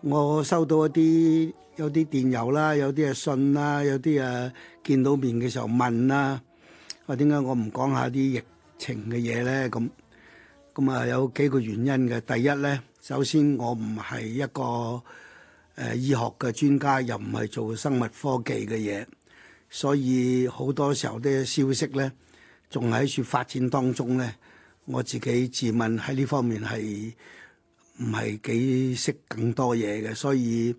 我收到一啲有啲電郵啦，有啲係信啦，有啲啊見到面嘅時候問啦，話點解我唔講下啲疫情嘅嘢咧？咁咁啊有幾個原因嘅。第一咧，首先我唔係一個誒醫學嘅專家，又唔係做生物科技嘅嘢，所以好多時候啲消息咧仲喺處發展當中咧，我自己自問喺呢方面係。唔係幾識更多嘢嘅，所以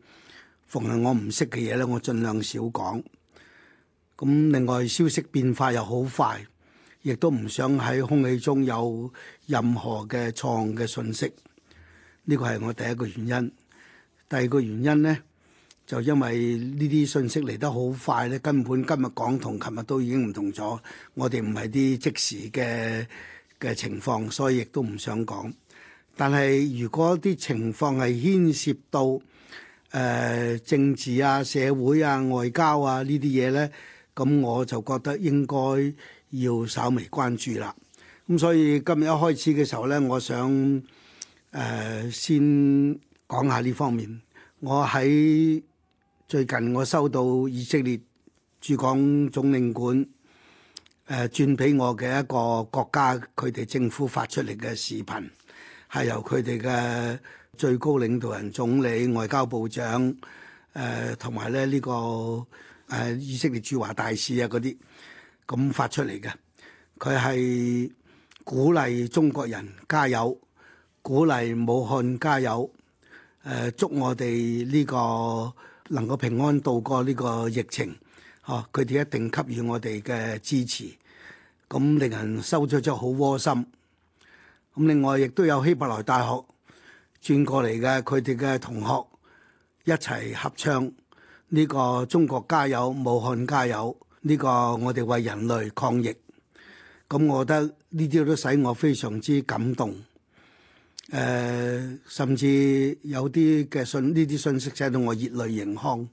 凡係我唔識嘅嘢咧，我儘量少講。咁另外消息變化又好快，亦都唔想喺空氣中有任何嘅錯誤嘅信息。呢個係我第一個原因。第二個原因呢，就因為呢啲信息嚟得好快咧，根本今日講同琴日都已經唔同咗。我哋唔係啲即時嘅嘅情況，所以亦都唔想講。但係，如果啲情況係牽涉到誒、呃、政治啊、社會啊、外交啊呢啲嘢呢，咁我就覺得應該要稍微關注啦。咁所以今日一開始嘅時候呢，我想誒、呃、先講下呢方面。我喺最近我收到以色列駐港總領館誒轉俾我嘅一個國家佢哋政府發出嚟嘅視頻。係由佢哋嘅最高領導人、總理、外交部長，誒同埋咧呢、這個誒、呃、以色列駐華大使啊嗰啲咁發出嚟嘅，佢係鼓勵中國人加油，鼓勵武漢加油，誒、呃、祝我哋呢個能夠平安度過呢個疫情，啊佢哋一定給予我哋嘅支持，咁令人收咗之後好窩心。咁另外亦都有希伯來大學轉過嚟嘅，佢哋嘅同學一齊合唱呢個中國加油、武漢加油，呢個我哋為人類抗疫。咁我覺得呢啲都使我非常之感動。誒、呃，甚至有啲嘅信呢啲信息，使到我熱淚盈眶。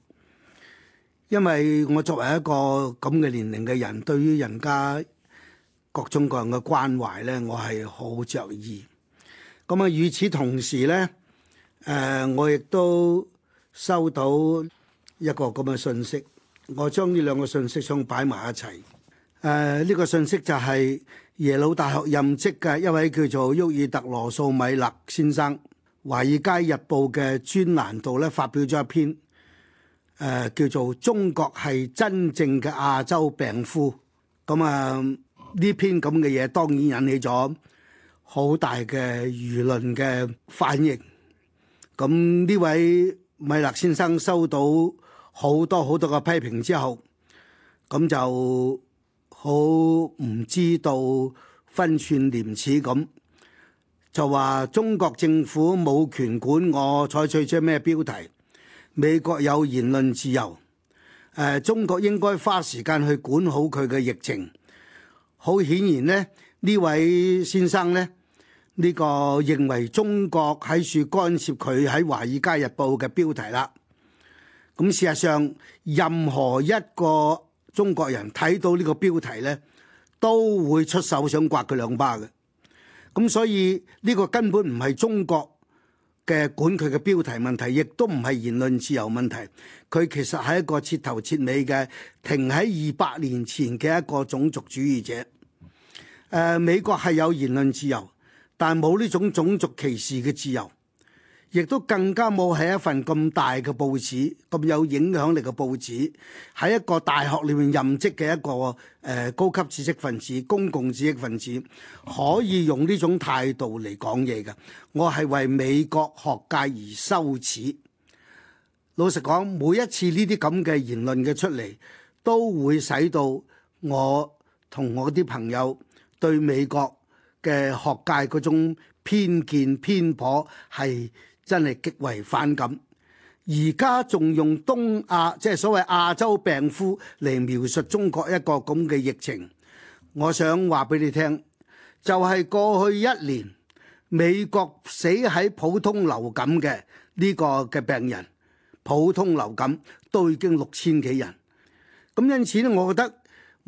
因為我作為一個咁嘅年齡嘅人，對於人家。各種各樣嘅關懷呢，我係好着意。咁啊，與此同時呢，誒、呃，我亦都收到一個咁嘅信息。我將呢兩個信息想擺埋一齊。誒、呃，呢、這個信息就係耶魯大學任職嘅一位叫做沃爾特羅素米勒先生，《華爾街日報》嘅專欄度呢，發表咗一篇、呃、叫做《中國係真正嘅亞洲病夫》。咁、呃、啊～呢篇咁嘅嘢當然引起咗好大嘅輿論嘅反應。咁呢位米勒先生收到好多好多嘅批評之後，咁就好唔知道分寸廉恥咁，就話中國政府冇權管我採取咗咩標題。美國有言論自由，誒、呃、中國應該花時間去管好佢嘅疫情。好顯然呢，呢位先生呢，呢個認為中國喺處干涉佢喺《華爾街日報》嘅標題啦。咁事實上，任何一個中國人睇到呢個標題呢，都會出手想刮佢兩巴嘅。咁所以呢個根本唔係中國嘅管佢嘅標題問題，亦都唔係言論自由問題，佢其實係一個徹頭徹尾嘅停喺二百年前嘅一個種族主義者。誒、呃、美國係有言論自由，但冇呢種種族歧視嘅自由，亦都更加冇係一份咁大嘅報紙、咁有影響力嘅報紙喺一個大學裏面任職嘅一個誒、呃、高級知識分子、公共知識分子，可以用呢種態度嚟講嘢嘅。我係為美國學界而羞恥。老實講，每一次呢啲咁嘅言論嘅出嚟，都會使到我同我啲朋友，對美國嘅學界嗰種偏見，偏頗係真係極為反感，而家仲用東亞即係所謂亞洲病夫嚟描述中國一個咁嘅疫情，我想話俾你聽，就係過去一年美國死喺普通流感嘅呢個嘅病人，普通流感都已經六千幾人，咁因此咧，我覺得。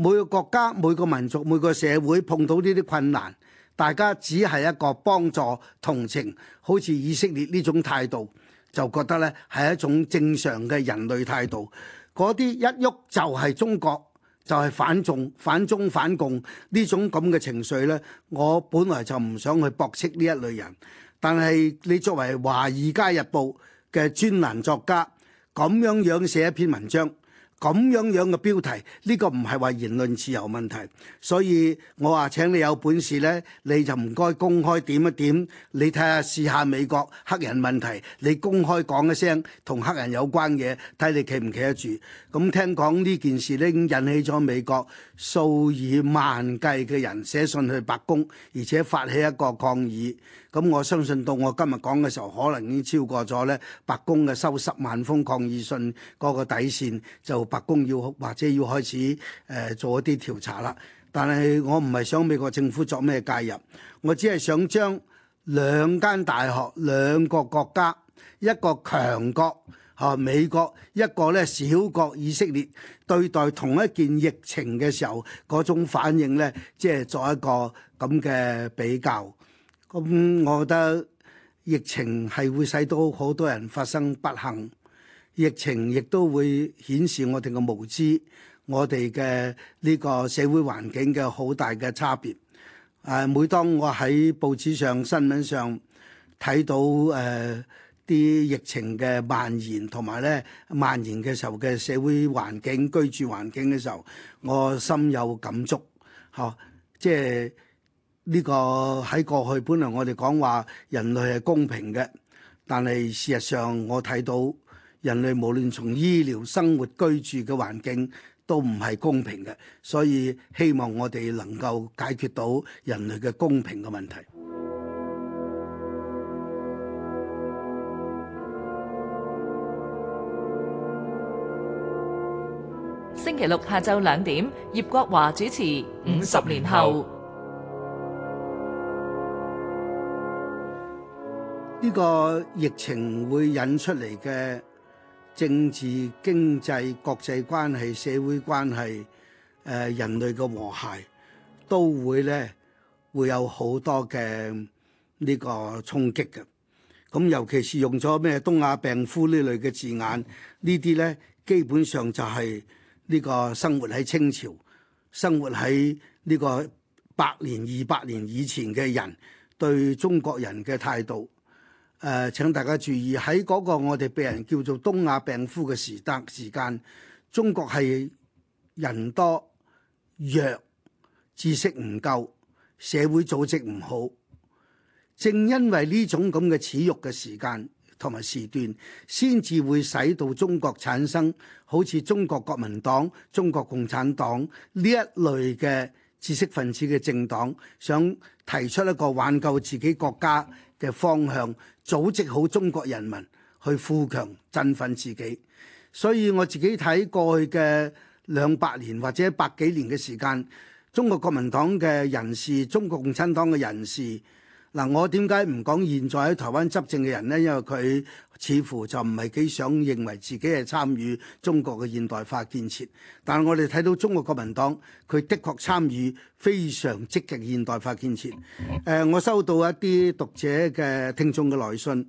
每個國家、每個民族、每個社會碰到呢啲困難，大家只係一個幫助同情，好似以色列呢種態度，就覺得呢係一種正常嘅人類態度。嗰啲一喐就係中國，就係反中、反中、反共呢種咁嘅情緒呢，我本來就唔想去駁斥呢一類人。但係你作為華爾街日報嘅專欄作家，咁樣樣寫一篇文章。咁樣樣嘅標題，呢個唔係話言論自由問題，所以我話請你有本事呢，你就唔該公開點一點，你睇下試下美國黑人問題，你公開講一聲同黑人有關嘅嘢，睇你企唔企得住。咁聽講呢件事呢，已經引起咗美國。數以萬計嘅人寫信去白宮，而且發起一個抗議。咁我相信到我今日講嘅時候，可能已經超過咗咧白宮嘅收十萬封抗議信嗰個底線，就白宮要或者要開始誒、呃、做一啲調查啦。但係我唔係想美國政府做咩介入，我只係想將兩間大學、兩個國家、一個強國。啊！美國一個咧小國以色列，對待同一件疫情嘅時候嗰種反應咧，即係作一個咁嘅比較。咁、嗯、我覺得疫情係會使到好多人發生不幸，疫情亦都會顯示我哋嘅無知，我哋嘅呢個社會環境嘅好大嘅差別。誒，每當我喺報紙上、新聞上睇到誒、呃啲疫情嘅蔓延，同埋咧蔓延嘅時候嘅社會環境、居住環境嘅時候，我深有感觸，嚇，即係呢個喺過去，本來我哋講話人類係公平嘅，但係事實上我睇到人類無論從醫療、生活、居住嘅環境都唔係公平嘅，所以希望我哋能夠解決到人類嘅公平嘅問題。星期六下晝兩點，葉國華主持《五十年後》。呢個疫情會引出嚟嘅政治、經濟、國際關係、社會關係，誒，人類嘅和諧都會咧會有好多嘅呢個衝擊嘅。咁尤其是用咗咩東亞病夫呢類嘅字眼，呢啲咧基本上就係。呢個生活喺清朝，生活喺呢個百年、二百年以前嘅人對中國人嘅態度，誒、呃、請大家注意喺嗰個我哋被人叫做東亞病夫嘅時代時間，中國係人多弱、知識唔夠、社會組織唔好，正因為呢種咁嘅恥辱嘅時間。同埋時段，先至會使到中國產生好似中國國民黨、中國共產黨呢一類嘅知識分子嘅政黨，想提出一個挽救自己國家嘅方向，組織好中國人民去富強振奮自己。所以我自己睇過去嘅兩百年或者百幾年嘅時間，中國國民黨嘅人士、中國共產黨嘅人士。嗱、啊，我點解唔講現在喺台灣執政嘅人呢？因為佢似乎就唔係幾想認為自己係參與中國嘅現代化建設。但係我哋睇到中國國民黨，佢的確參與非常積極現代化建設。誒、呃，我收到一啲讀者嘅聽眾嘅來信，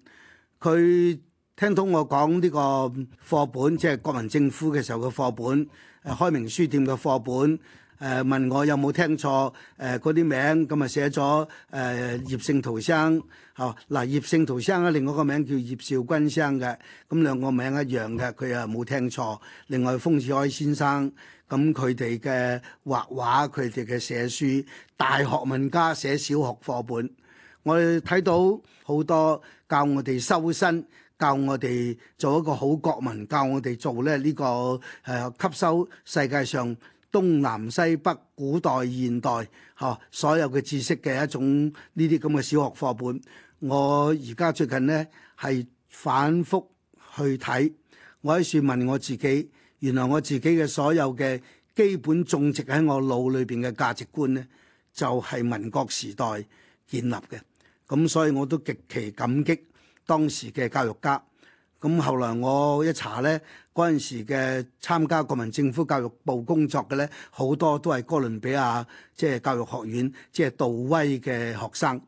佢聽到我講呢個課本，即、就、係、是、國民政府嘅時候嘅課本、啊，開明書店嘅課本。誒，問我有冇聽錯？誒，嗰啲名咁咪寫咗誒、呃、葉聖陶生，嚇、哦、嗱，葉聖陶生啊，另外一個名叫葉紹鈞生嘅，咁兩個名一樣嘅，佢又冇聽錯。另外豐子愷先生，咁佢哋嘅畫畫，佢哋嘅寫書，大學問家寫小學課本，我哋睇到好多教我哋修身，教我哋做一個好國民，教我哋做咧呢、這個誒、呃、吸收世界上。東南西北、古代現代，嚇所有嘅知識嘅一種呢啲咁嘅小學課本，我而家最近呢係反覆去睇，我喺度問我自己，原來我自己嘅所有嘅基本種植喺我腦裏邊嘅價值觀呢，就係民國時代建立嘅，咁所以我都極其感激當時嘅教育家。咁後來我一查咧，嗰陣時嘅參加國民政府教育部工作嘅咧，好多都係哥倫比亞即係、就是、教育學院即係杜威嘅學生。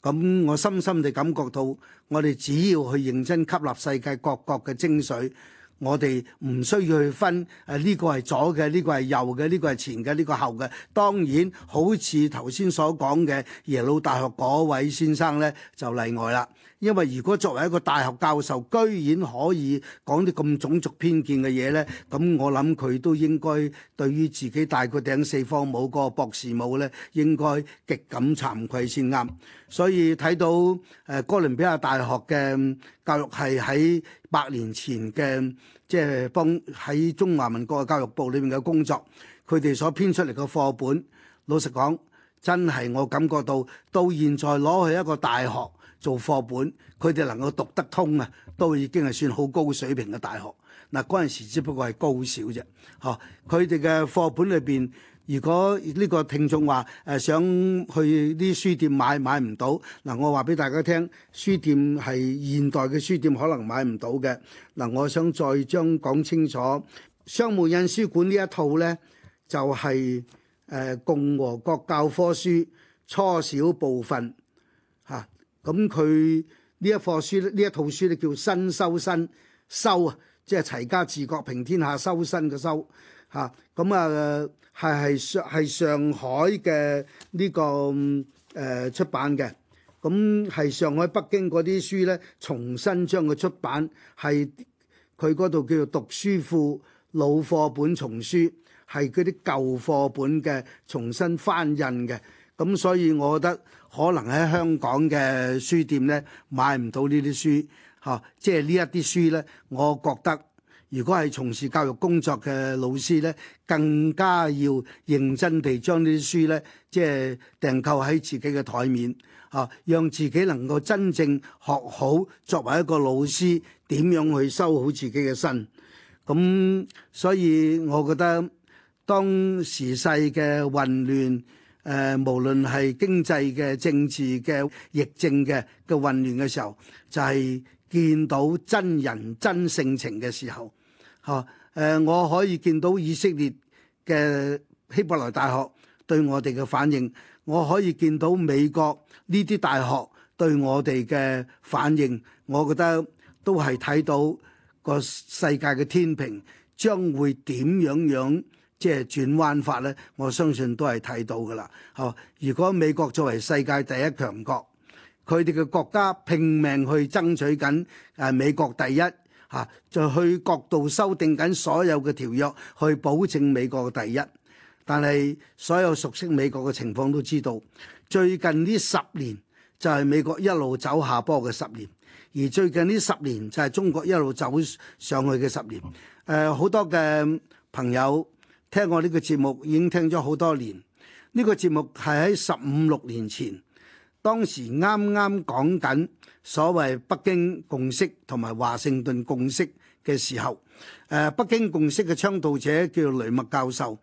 咁我深深地感覺到，我哋只要去認真吸納世界各國嘅精髓，我哋唔需要去分誒呢、啊這個係左嘅，呢、這個係右嘅，呢、這個係前嘅，呢、這個後嘅。當然，好似頭先所講嘅耶魯大學嗰位先生咧，就例外啦。因為如果作為一個大學教授，居然可以講啲咁種族偏見嘅嘢呢，咁我諗佢都應該對於自己戴個頂四方帽個博士帽呢，應該極感慚愧先啱。所以睇到誒哥倫比亞大學嘅教育系喺百年前嘅，即係幫喺中華民國嘅教育部裏面嘅工作，佢哋所編出嚟嘅課本，老實講真係我感覺到，到現在攞去一個大學做課本，佢哋能夠讀得通啊，都已經係算好高水平嘅大學。嗱，嗰陣時只不過係高小啫，嚇。佢哋嘅課本裏邊，如果呢個聽眾話誒、呃、想去啲書店買，買唔到。嗱、呃，我話俾大家聽，書店係現代嘅書店可能買唔到嘅。嗱、呃，我想再將講清楚，商務印書館呢一套呢，就係、是、誒、呃、共和國教科書初小部分。咁佢呢一課書呢一套書咧，叫新修身修啊，即係齊家治國平天下修身嘅修嚇。咁啊係係係上海嘅呢、呢個誒、呃、出版嘅。咁、啊、係上海北京嗰啲書呢，重新將佢出版係佢嗰度叫做讀書庫老課本重書，係嗰啲舊課本嘅重新翻印嘅。咁所以，我覺得可能喺香港嘅書店呢買唔到呢啲書，嚇、啊，即係呢一啲書呢，我覺得如果係從事教育工作嘅老師呢，更加要認真地將呢啲書呢，即係訂購喺自己嘅台面，嚇、啊，讓自己能夠真正學好，作為一個老師，點樣去修好自己嘅身。咁、啊、所以，我覺得當時勢嘅混亂。誒，無論係經濟嘅、政治嘅、疫症嘅嘅混亂嘅時候，就係、是、見到真人真性情嘅時候。嚇、誒，我可以見到以色列嘅希伯來大學對我哋嘅反應，我可以見到美國呢啲大學對我哋嘅反應，我覺得都係睇到個世界嘅天平將會點樣樣。即係轉彎法咧，我相信都係睇到噶啦。哦，如果美國作為世界第一強國，佢哋嘅國家拼命去爭取緊誒美國第一嚇、啊，就去角度修訂緊所有嘅條約，去保證美國嘅第一。但係所有熟悉美國嘅情況都知道，最近呢十年就係美國一路走下坡嘅十年，而最近呢十年就係中國一路走上去嘅十年。誒、呃，好多嘅朋友，聽我呢個節目已經聽咗好多年，呢個節目係喺十五六年前，當時啱啱講緊所謂北京共識同埋華盛頓共識嘅時候，誒，北京共識嘅倡導者叫雷默教授，誒、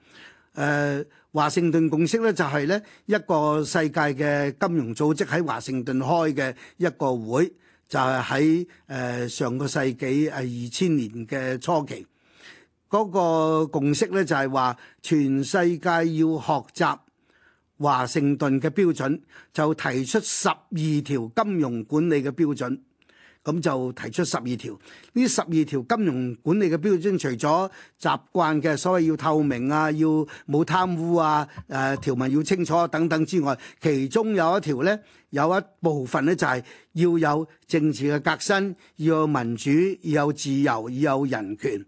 呃，華盛頓共識呢，就係呢一個世界嘅金融組織喺華盛頓開嘅一個會，就係喺誒上個世紀誒二千年嘅初期。嗰個共識咧，就係話全世界要學習華盛頓嘅標準，就提出十二條金融管理嘅標準。咁就提出十二條，呢十二條金融管理嘅標準，除咗習慣嘅所謂要透明啊，要冇貪污啊，誒條文要清楚等等之外，其中有一條呢，有一部分呢，就係要有政治嘅革新，要有民主，要有自由，要有人權。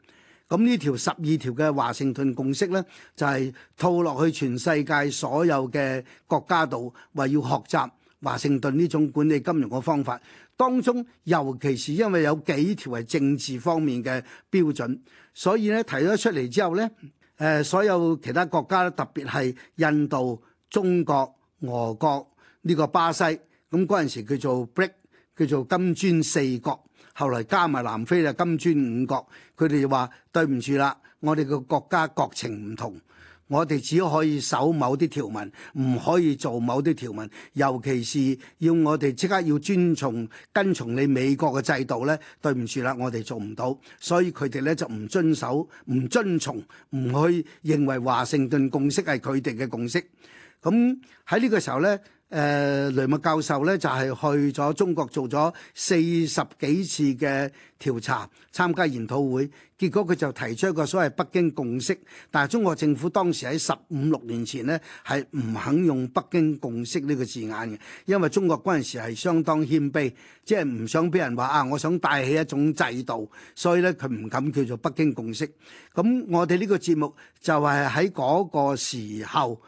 咁呢條十二條嘅華盛頓共識呢，就係、是、套落去全世界所有嘅國家度，話要學習華盛頓呢種管理金融嘅方法。當中尤其是因為有幾條係政治方面嘅標準，所以呢，提咗出嚟之後呢，誒所有其他國家，特別係印度、中國、俄國呢、呢個巴西，咁嗰陣時叫做 BRIC，叫做金磚四國。後來加埋南非啦，金磚五國，佢哋就話對唔住啦，我哋個國家國情唔同，我哋只可以守某啲條文，唔可以做某啲條文，尤其是要我哋即刻要遵從跟從你美國嘅制度呢，對唔住啦，我哋做唔到，所以佢哋呢就唔遵守、唔遵從、唔去認為華盛頓共識係佢哋嘅共識。咁喺呢個時候呢。誒、呃、雷默教授咧就係、是、去咗中國做咗四十幾次嘅調查，參加研討會，結果佢就提出一個所謂北京共識。但係中國政府當時喺十五六年前呢，係唔肯用北京共識呢、這個字眼嘅，因為中國嗰陣時係相當謙卑，即係唔想俾人話啊，我想帶起一種制度，所以咧佢唔敢叫做北京共識。咁我哋呢個節目就係喺嗰個時候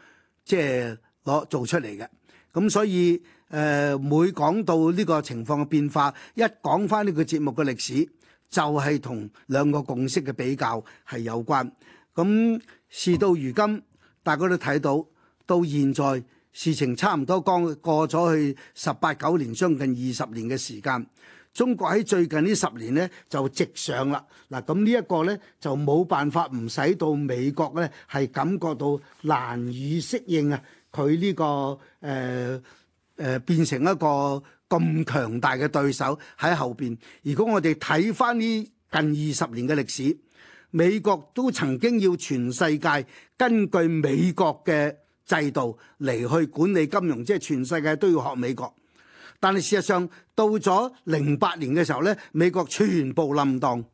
即係攞做出嚟嘅。咁所以，誒、呃、每講到呢個情況嘅變化，一講返呢個節目嘅歷史，就係、是、同兩個共識嘅比較係有關。咁事到如今，大家都睇到，到現在事情差唔多，剛過咗去十八九年，將近二十年嘅時間。中國喺最近呢十年呢就直上啦。嗱，咁呢一個呢，就冇辦法唔使到美國呢，係感覺到難以適應啊！佢呢個誒誒變成一個咁強大嘅對手喺後邊。如果我哋睇翻呢近二十年嘅歷史，美國都曾經要全世界根據美國嘅制度嚟去管理金融，即係全世界都要學美國。但係事實上到咗零八年嘅時候呢，美國全部冧檔。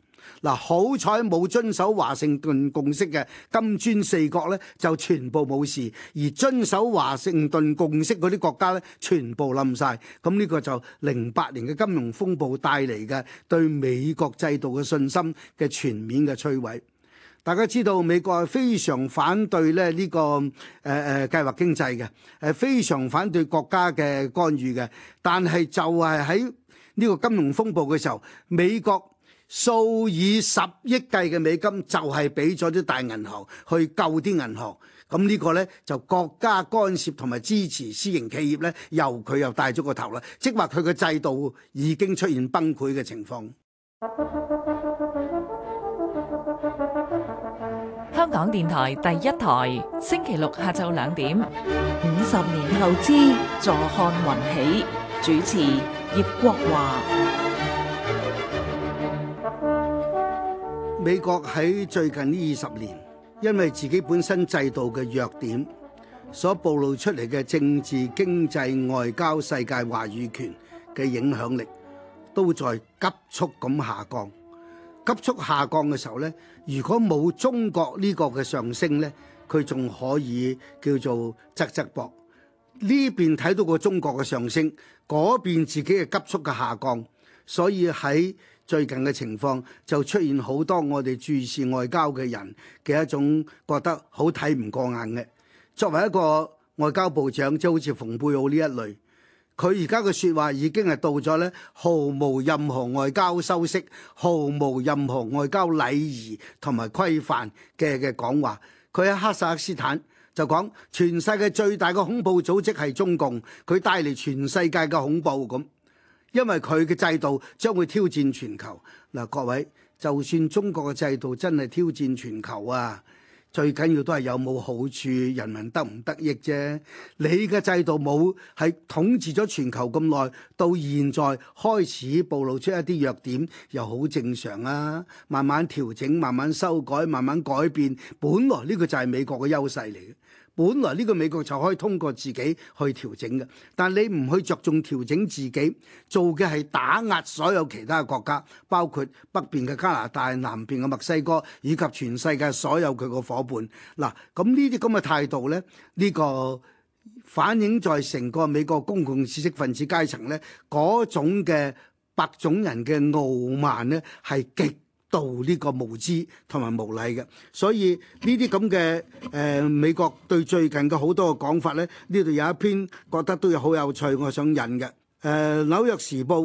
嗱，好彩冇遵守華盛頓共識嘅金磚四國呢，就全部冇事；而遵守華盛頓共識嗰啲國家呢，全部冧晒。咁呢個就零八年嘅金融風暴帶嚟嘅對美國制度嘅信心嘅全面嘅摧毀。大家知道美國係非常反對咧、這、呢個誒誒計劃經濟嘅，誒非常反對國家嘅干預嘅。但係就係喺呢個金融風暴嘅時候，美國。數以十億計嘅美金就係俾咗啲大銀行去救啲銀行，咁呢個呢，就國家干涉同埋支持私營企業呢由佢又帶咗個頭啦，即係話佢嘅制度已經出現崩潰嘅情況。香港電台第一台，星期六下晝兩點，五十年後之，坐看雲起，主持葉國華。美國喺最近呢二十年，因為自己本身制度嘅弱點，所暴露出嚟嘅政治、經濟、外交、世界話語權嘅影響力，都在急速咁下降。急速下降嘅時候呢，如果冇中國呢個嘅上升呢，佢仲可以叫做側側膊。呢邊睇到個中國嘅上升，嗰邊自己嘅急速嘅下降，所以喺最近嘅情況就出現好多我哋注視外交嘅人嘅一種覺得好睇唔過眼嘅。作為一個外交部長，即好似蓬佩奧呢一類，佢而家嘅説話已經係到咗咧，毫無任何外交修飾，毫無任何外交禮儀同埋規範嘅嘅講話。佢喺哈薩克斯坦就講全世界最大嘅恐怖組織係中共，佢帶嚟全世界嘅恐怖咁。因為佢嘅制度將會挑戰全球，嗱各位，就算中國嘅制度真係挑戰全球啊，最緊要都係有冇好處，人民得唔得益啫。你嘅制度冇係統治咗全球咁耐，到現在開始暴露出一啲弱點，又好正常啊。慢慢調整，慢慢修改，慢慢改變，本來呢個就係美國嘅優勢嚟嘅。本來呢個美國就可以通過自己去調整嘅，但你唔去着重調整自己，做嘅係打壓所有其他國家，包括北邊嘅加拿大、南邊嘅墨西哥以及全世界所有佢個伙伴。嗱，咁呢啲咁嘅態度呢，呢個反映在成個美國公共知識分子階層呢嗰種嘅白種人嘅傲慢呢，係極。到呢個無知同埋無禮嘅，所以呢啲咁嘅誒美國對最近嘅好多嘅講法呢，呢度有一篇覺得都好有趣，我想引嘅誒、呃《紐約時報》，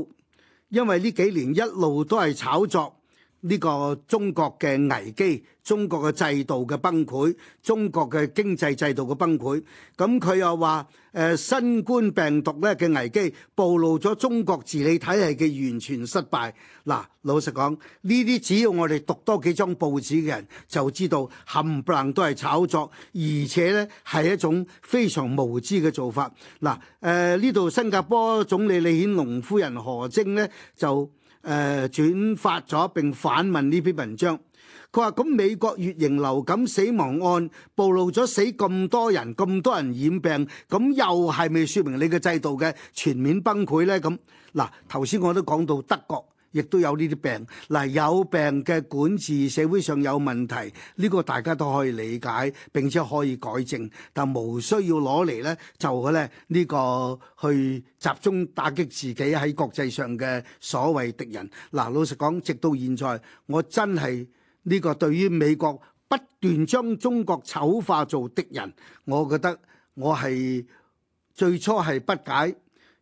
因為呢幾年一路都係炒作。呢個中國嘅危機、中國嘅制度嘅崩潰、中國嘅經濟制度嘅崩潰，咁佢又話：誒新冠病毒咧嘅危機，暴露咗中國治理體系嘅完全失敗。嗱，老實講，呢啲只要我哋讀多幾張報紙嘅人就知道，冚唪唥都係炒作，而且咧係一種非常無知嘅做法。嗱，誒呢度新加坡總理李顯龍夫人何晶咧就。誒，轉、呃、發咗並反問呢篇文章，佢話，咁美國月型流感死亡案暴露咗死咁多人，咁多人染病，咁又係咪說明你嘅制度嘅全面崩潰呢？咁嗱，頭先我都講到德國。亦都有呢啲病，嗱，有病嘅管治，社會上有問題，呢個大家都可以理解並且可以改正，但無需要攞嚟，咧就嘅咧呢個去集中打擊自己喺國際上嘅所謂敵人。嗱，老實講，直到現在，我真係，呢個對於美國不斷將中國醜化做敵人，我覺得我係最初係不解。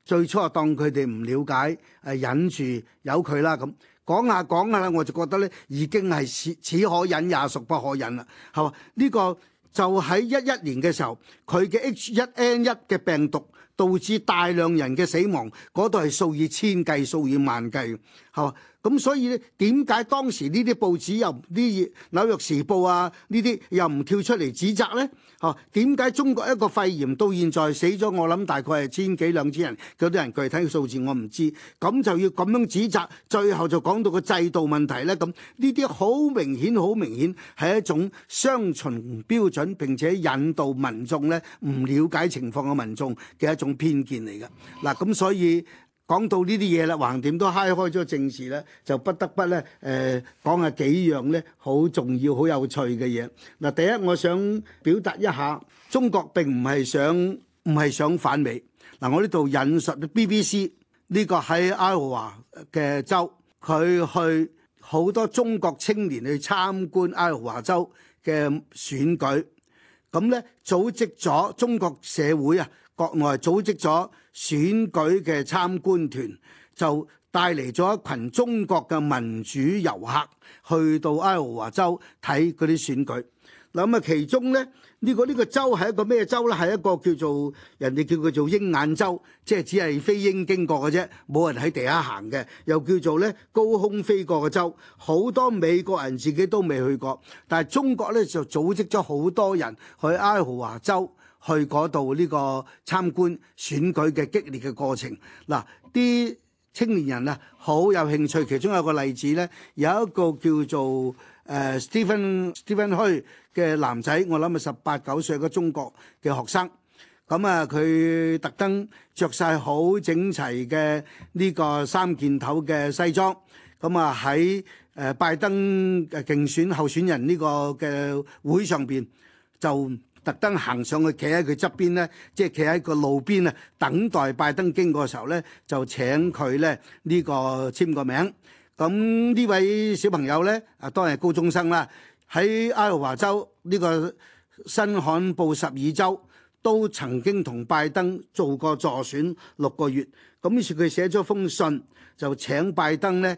最初啊，當佢哋唔了解，誒忍住有佢啦咁，講下講下啦，我就覺得咧已經係此此可忍也，孰不可忍啦，係嘛？呢、這個就喺一一年嘅時候，佢嘅 H 一 N 一嘅病毒，導致大量人嘅死亡，嗰度係數以千計、數以萬計，係嘛？咁所以呢，點解當時呢啲報紙又呢？紐約時報啊，呢啲又唔跳出嚟指責呢？哦，點解中國一個肺炎到現在死咗，我諗大概係千幾兩千人，嗰啲人具體嘅數字我唔知。咁就要咁樣指責，最後就講到個制度問題呢，咁呢啲好明顯、好明顯係一種雙重標準，並且引導民眾呢唔了解情況嘅民眾嘅一種。偏見嚟㗎嗱，咁、啊、所以講到呢啲嘢啦，橫掂都嗨開咗政治呢，就不得不呢誒、呃、講下幾樣呢，好重要、好有趣嘅嘢嗱。第一，我想表達一下，中國並唔係想唔係想反美嗱、啊。我呢度引述 BBC 呢個喺愛荷華嘅州，佢去好多中國青年去參觀愛荷華州嘅選舉，咁呢，組織咗中國社會啊。國外組織咗選舉嘅參觀團，就帶嚟咗一群中國嘅民主遊客去到愛荷華州睇嗰啲選舉。咁啊，其中咧呢、呢個呢、呢個州係一個咩州呢？係一個叫做人哋叫佢做鷹眼州，即係只係飛鷹經過嘅啫，冇人喺地下行嘅，又叫做咧高空飛過嘅州。好多美國人自己都未去過，但係中國呢，就組織咗好多人去愛荷華州。去嗰度呢個參觀選舉嘅激烈嘅過程，嗱啲青年人啊好有興趣。其中有一個例子呢，有一個叫做誒、呃、Stephen Stephen Hui 嘅男仔，我諗係十八九歲嘅中國嘅學生。咁啊，佢特登着晒好整齊嘅呢個三件頭嘅西裝，咁啊喺誒拜登誒競選候選人呢個嘅會上邊就。特登行上去，企喺佢側邊咧，即係企喺個路邊啊，等待拜登經過嘅時候咧，就請佢咧呢個簽個名。咁呢位小朋友咧，啊當然係高中生啦，喺阿華州呢、呢個新罕布什爾州都曾經同拜登做過助選六個月。咁於是佢寫咗封信，就請拜登咧。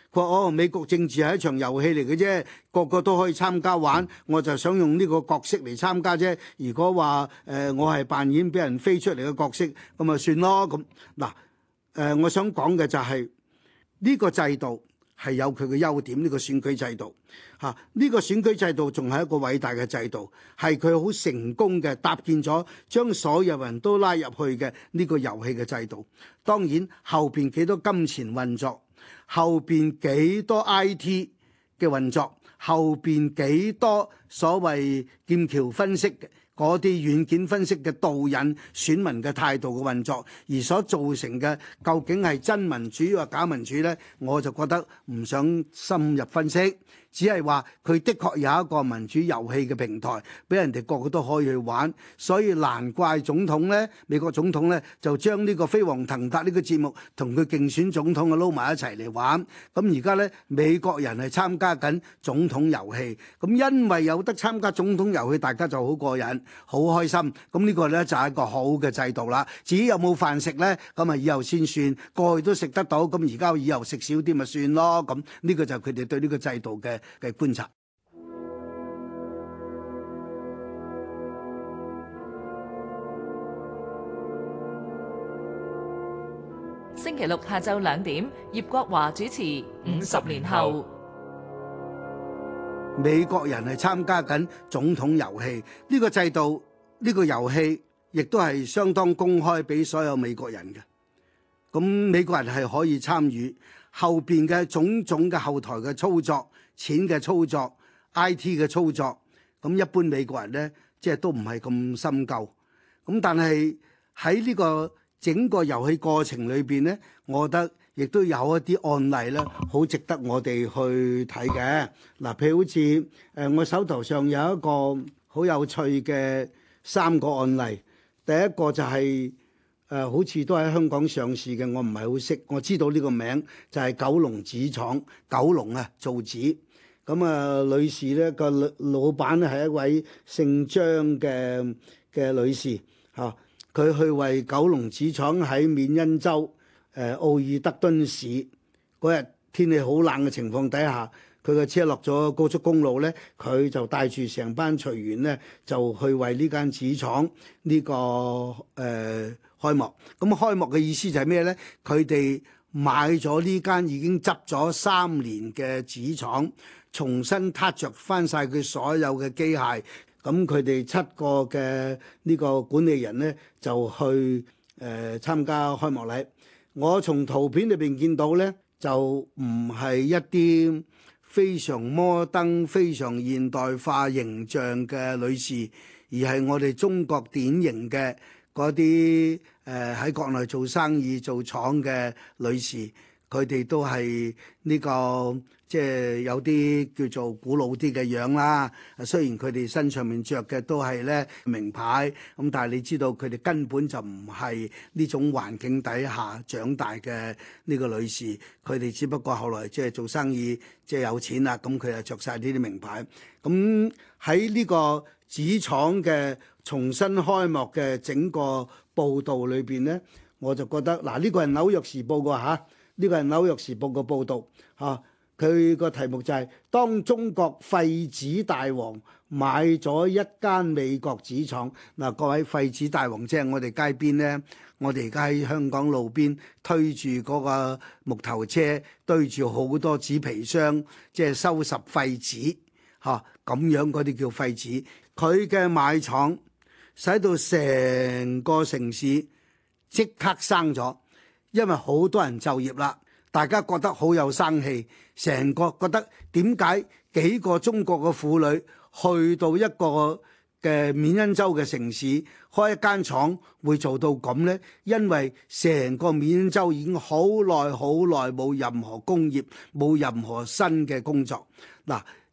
話、哦、美國政治係一場遊戲嚟嘅啫，個個都可以參加玩。我就想用呢個角色嚟參加啫。如果話誒、呃、我係扮演俾人飛出嚟嘅角色，咁咪算咯咁。嗱誒、呃，我想講嘅就係、係、呢、呢個制度係有佢嘅優點，呢、呢個選舉制度嚇。呢、啊呢個選舉制度仲係一個偉大嘅制度，係佢好成功嘅搭建咗，將所有人都拉入去嘅呢個遊戲嘅制度。當然後邊幾多金錢運作，後邊幾多 I T 嘅運作，後邊幾多所謂劍橋分析嘅嗰啲軟件分析嘅導引選民嘅態度嘅運作，而所造成嘅究竟係真民主或假民主呢？我就覺得唔想深入分析。只係話佢的確有一個民主遊戲嘅平台，俾人哋個個都可以去玩，所以難怪總統呢，美國總統呢就將呢個飛黃騰達呢個節目同佢競選總統嘅撈埋一齊嚟玩。咁而家呢，美國人係參加緊總統遊戲。咁因為有得參加總統遊戲，大家就好過癮，好開心。咁呢個呢就係一個好嘅制度啦。至於有冇飯食呢，咁啊，以後先算，過去都食得到，咁而家以後食少啲咪算咯。咁呢個就係佢哋對呢個制度嘅。嘅觀察。星期六下晝兩點，葉國華主持《五十年後》。美國人係參加緊總統遊戲，呢個制度，呢個遊戲亦都係相當公開，俾所有美國人嘅。咁美國人係可以參與後邊嘅種種嘅後台嘅操作。錢嘅操作、IT 嘅操作，咁一般美國人呢，即係都唔係咁深究。咁但係喺呢個整個遊戲過程裏邊呢，我覺得亦都有一啲案例呢，好值得我哋去睇嘅。嗱，譬如好似誒，我手頭上有一個好有趣嘅三個案例。第一個就係、是、誒，好似都喺香港上市嘅，我唔係好識，我知道呢個名就係、是、九龍紙廠，九龍啊，造紙。咁啊、呃，女士呢個老老闆咧，係一位姓張嘅嘅女士嚇，佢、啊、去為九龍紙廠喺緬因州誒、呃、奧爾德敦市嗰日天，天氣好冷嘅情況底下，佢嘅車落咗高速公路呢，佢就帶住成班隨員呢，就去為呢間紙廠呢、呢個誒、呃、開幕。咁、嗯、開幕嘅意思就係咩呢？佢哋。買咗呢間已經執咗三年嘅紙廠，重新撻着翻晒佢所有嘅機械，咁佢哋七個嘅呢個管理人呢，就去誒、呃、參加開幕禮。我從圖片裏邊見到呢，就唔係一啲非常摩登、非常現代化形象嘅女士，而係我哋中國典型嘅嗰啲。誒喺國內做生意做廠嘅女士，佢哋都係呢個即係有啲叫做古老啲嘅樣啦。雖然佢哋身上面着嘅都係咧名牌，咁但係你知道佢哋根本就唔係呢種環境底下長大嘅呢個女士。佢哋只不過後來即係做生意，即係有錢啦，咁佢就着晒呢啲名牌。咁喺呢個紙廠嘅重新開幕嘅整個報導裏邊呢，我就覺得嗱，呢個係紐約時報嘅嚇，呢個係紐約時報個報導嚇，佢、啊、個題目就係、是、當中國廢紙大王買咗一間美國紙廠，嗱、啊、各位廢紙大王即係、就是、我哋街邊呢，我哋而家喺香港路邊推住嗰個木頭車，堆住好多紙皮箱，即、就、係、是、收拾廢紙。嚇咁、啊、樣嗰啲叫廢紙，佢嘅買廠使到成個城市即刻生咗，因為好多人就業啦，大家覺得好有生氣。成個覺得點解幾個中國嘅婦女去到一個嘅緬因州嘅城市開一間廠會做到咁呢？因為成個緬因州已經好耐好耐冇任何工業，冇任何新嘅工作嗱。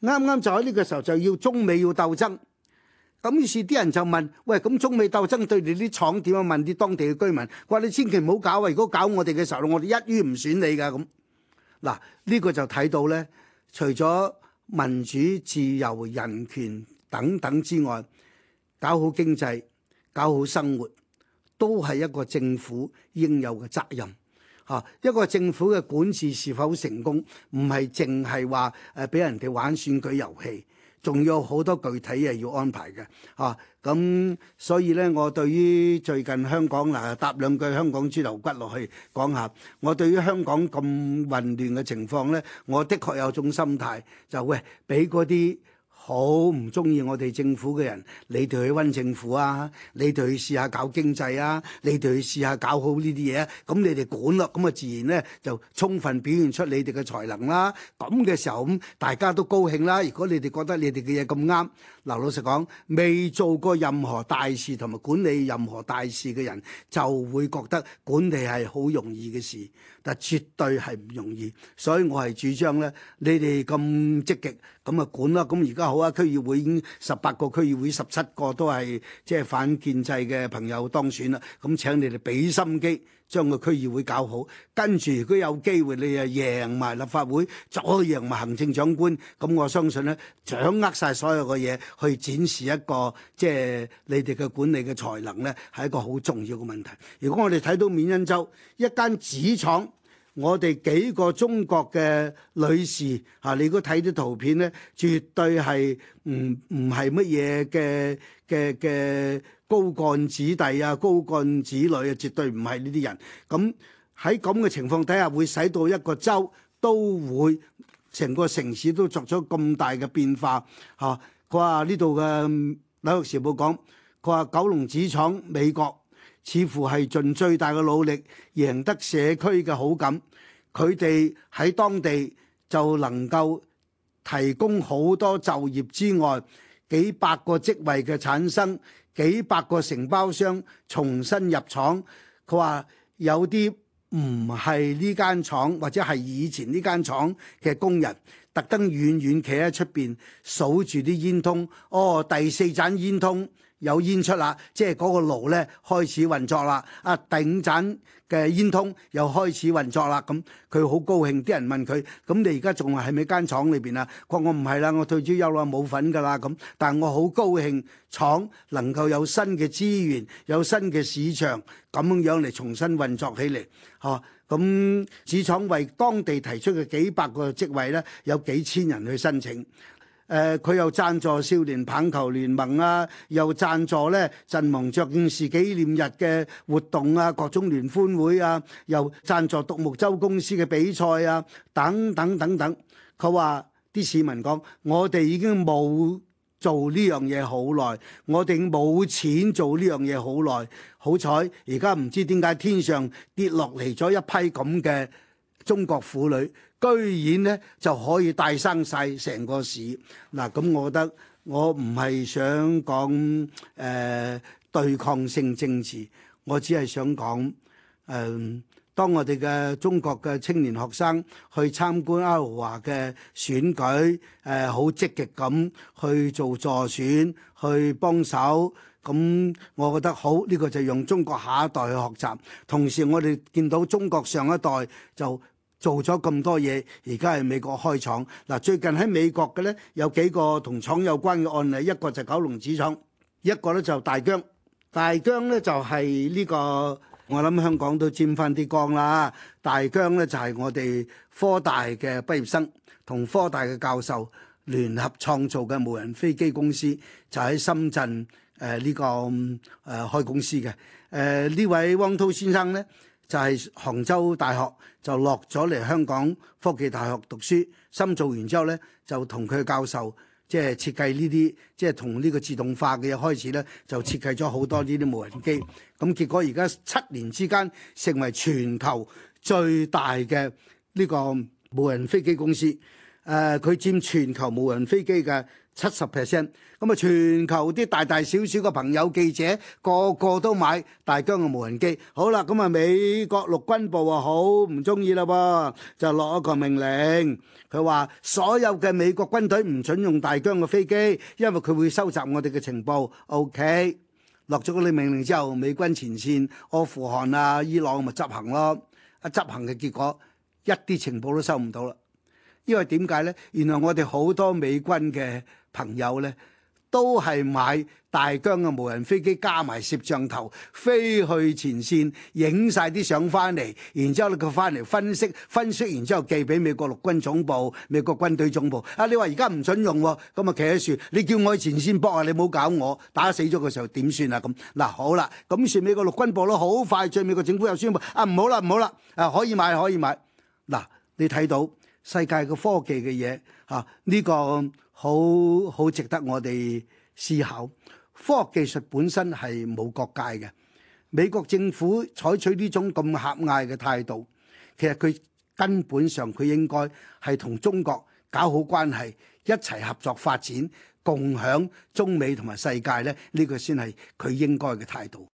啱啱就喺呢個時候就要中美要鬥爭，咁於是啲人就問：喂，咁中美鬥爭對你啲廠點樣？問啲當地嘅居民，佢話你千祈唔好搞啊！如果搞我哋嘅時候，我哋一於唔選你噶咁。嗱，呢個就睇到呢，除咗民主、自由、人權等等之外，搞好經濟、搞好生活，都係一個政府應有嘅責任。啊！一個政府嘅管治是否成功，唔係淨係話誒俾人哋玩選舉遊戲，仲有好多具體嘢要安排嘅。啊，咁所以呢，我對於最近香港嗱，搭兩句香港豬頭骨落去講下，我對於香港咁混亂嘅情況呢，我的確有種心態，就是，就喂俾嗰啲，好唔中意我哋政府嘅人，你哋去温政府啊，你哋去試下搞經濟啊，你哋去試下搞好呢啲嘢，咁你哋管落，咁啊自然呢就充分表現出你哋嘅才能啦。咁嘅時候咁，大家都高興啦。如果你哋覺得你哋嘅嘢咁啱。嗱，老實講，未做過任何大事同埋管理任何大事嘅人，就會覺得管理係好容易嘅事，但絕對係唔容易。所以我係主張呢，你哋咁積極，咁啊管啦。咁而家好啊，區議會已經十八個區議會，十七個都係即係反建制嘅朋友當選啦。咁請你哋俾心機，將個區議會搞好，跟住如果有機會你又贏埋立法會，就可以贏埋行政長官，咁我相信呢，掌握晒所有嘅嘢去展示一個即係、就是、你哋嘅管理嘅才能呢係一個好重要嘅問題。如果我哋睇到緬因州一間紙廠，我哋幾個中國嘅女士嚇、啊，你如果睇啲圖片呢，絕對係唔唔係乜嘢嘅嘅嘅。高幹子弟啊，高幹子女啊，絕對唔係呢啲人。咁喺咁嘅情況底下，會使到一個州都會成個城市都作出咁大嘅變化。嚇，佢話呢度嘅《紐約時報》講，佢話九龍紙廠美國似乎係盡最大嘅努力贏得社區嘅好感。佢哋喺當地就能夠提供好多就業之外，幾百個職位嘅產生。幾百個承包商重新入廠，佢話有啲唔係呢間廠或者係以前呢間廠嘅工人，特登遠遠企喺出邊數住啲煙通，哦，第四盞煙通。有煙出啦，即係嗰個爐呢開始運作啦。啊，頂層嘅煙通又開始運作啦。咁佢好高興，啲人問佢：咁你而家仲係咪間廠裏邊啊？講我唔係啦，我退休啦，冇份噶啦咁。但係我好高興，廠能夠有新嘅資源，有新嘅市場，咁樣嚟重新運作起嚟。嚇、啊，咁紙廠為當地提出嘅幾百個職位呢，有幾千人去申請。誒佢，呃、又贊助少年棒球聯盟啊，又贊助咧陣亡將士紀念日嘅活動啊，各種聯歡會啊，又贊助獨木舟公司嘅比賽啊，等等等等。佢話啲市民講，我哋已經冇做呢樣嘢好耐，我哋冇錢做呢樣嘢好耐。好彩而家唔知點解天上跌落嚟咗一批咁嘅。中國婦女居然咧就可以帶生曬成個市嗱。咁我覺得我唔係想講誒、呃、對抗性政治，我只係想講誒、呃，當我哋嘅中國嘅青年學生去參觀歐華嘅選舉，誒、呃、好積極咁去做助選，去幫手。咁我覺得好，呢個就用中國下一代去學習。同時，我哋見到中國上一代就做咗咁多嘢，而家喺美國開廠。嗱，最近喺美國嘅呢，有幾個同廠有關嘅案例，一個就九龍紙廠，一個呢就大疆。大疆呢，就係呢個，我諗香港都沾翻啲光啦。大疆呢，就係我哋科大嘅畢業生同科大嘅教授聯合創造嘅無人飛機公司，就喺深圳。誒呢、呃這個誒、呃、開公司嘅誒呢位汪滔先生呢，就係、是、杭州大學就落咗嚟香港科技大學讀書，深造完之後呢，就同佢嘅教授即係設計呢啲，即係同呢個自動化嘅嘢開始呢，就設計咗好多呢啲無人機。咁、嗯、結果而家七年之間成為全球最大嘅呢個無人飛機公司。誒、呃，佢佔全球無人飛機嘅。七十 percent 咁啊！全球啲大大小小嘅朋友、記者個個都買大疆嘅無人機。好啦，咁啊，美國陸軍部啊好唔中意啦喎，就落一個命令，佢話所有嘅美國軍隊唔準用大疆嘅飛機，因為佢會收集我哋嘅情報。O.K. 落咗嗰個命令之後，美軍前線阿富汗啊、伊朗咪執行咯？一執行嘅結果，一啲情報都收唔到啦，因為點解呢？原來我哋好多美軍嘅。朋友呢都係買大疆嘅無人飛機，加埋攝像頭飛去前線，影晒啲相翻嚟，然之後咧佢翻嚟分析分析，然之後寄俾美國陸軍總部、美國軍隊總部。啊，你話而家唔準用喎、啊，咁啊企喺樹，你叫我去前線搏啊，你唔好搞我，打死咗個時候點算啊？咁嗱、啊，好啦，咁說美國陸軍部咧，好快，最美國政府又宣布啊，唔好啦唔好啦，啊可以買可以買。嗱、啊，你睇到世界嘅科技嘅嘢嚇呢個。好好值得我哋思考。科學技術本身係冇國界嘅。美國政府採取呢種咁狹隘嘅態度，其實佢根本上佢應該係同中國搞好關係，一齊合作發展，共享中美同埋世界咧，呢、呢個先係佢應該嘅態度。